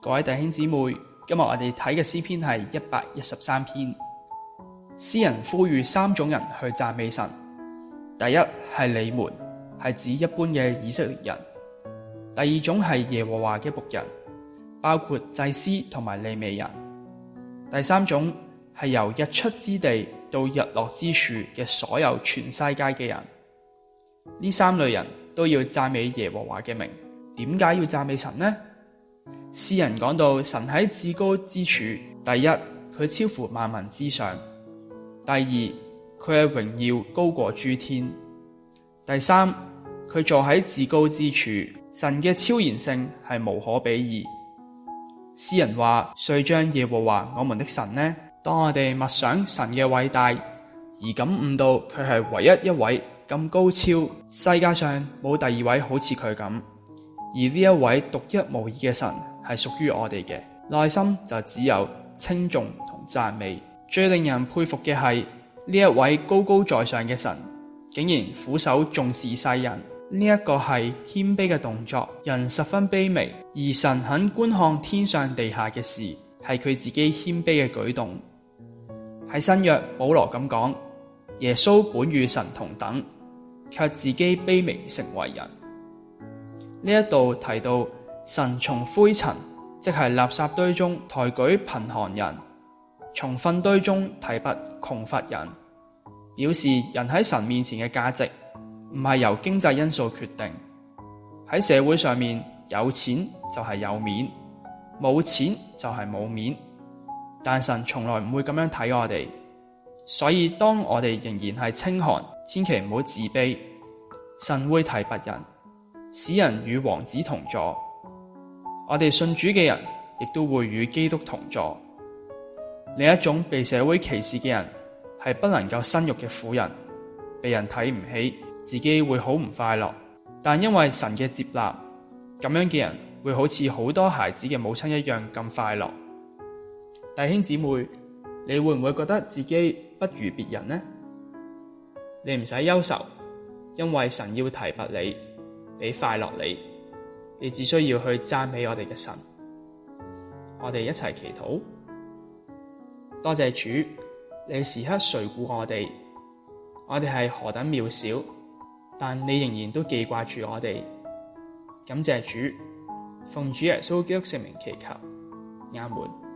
各位弟兄姊妹，今日我哋睇嘅詩篇係一百一十三篇。詩人呼籲三種人去讚美神：第一係你們，係指一般嘅以色列人；第二種係耶和華嘅僕人，包括祭司同埋利未人；第三種係由日出之地到日落之處嘅所有全世界嘅人。呢三類人都要讚美耶和華嘅名。點解要讚美神呢？詩人講到神喺至高之處，第一佢超乎萬民之上，第二佢嘅榮耀高過諸天，第三佢坐喺至高之處，神嘅超然性係無可比擬。詩人話：誰將耶和華我們的神呢？當我哋默想神嘅偉大，而感悟到佢係唯一一位咁高超，世界上冇第二位好似佢咁。而呢一位獨一無二嘅神係屬於我哋嘅，內心就只有稱頌同讚美。最令人佩服嘅係呢一位高高在上嘅神，竟然俯首重視世人。呢一個係謙卑嘅動作，人十分卑微，而神肯觀看天上地下嘅事，係佢自己謙卑嘅舉動。喺新約保羅咁講，耶穌本與神同等，卻自己卑微成為人。呢一度提到神從灰塵，即係垃圾堆中抬舉貧寒人，從糞堆中提拔窮乏人，表示人喺神面前嘅價值唔係由經濟因素決定。喺社會上面有錢就係有面，冇錢就係冇面，但神從來唔會咁樣睇我哋。所以當我哋仍然係清寒，千祈唔好自卑，神會提拔人。使人與王子同坐，我哋信主嘅人亦都會與基督同坐。另一種被社會歧視嘅人係不能夠生育嘅婦人，被人睇唔起，自己會好唔快樂。但因為神嘅接納，咁樣嘅人會好似好多孩子嘅母親一樣咁快樂。弟兄姊妹，你會唔會覺得自己不如別人呢？你唔使憂愁，因為神要提拔你。俾快樂你，你只需要去讚美我哋嘅神，我哋一齊祈禱。多謝主，你時刻垂顧我哋，我哋係何等渺小，但你仍然都記掛住我哋。感謝主，奉主耶穌基督聖名祈求，阿門。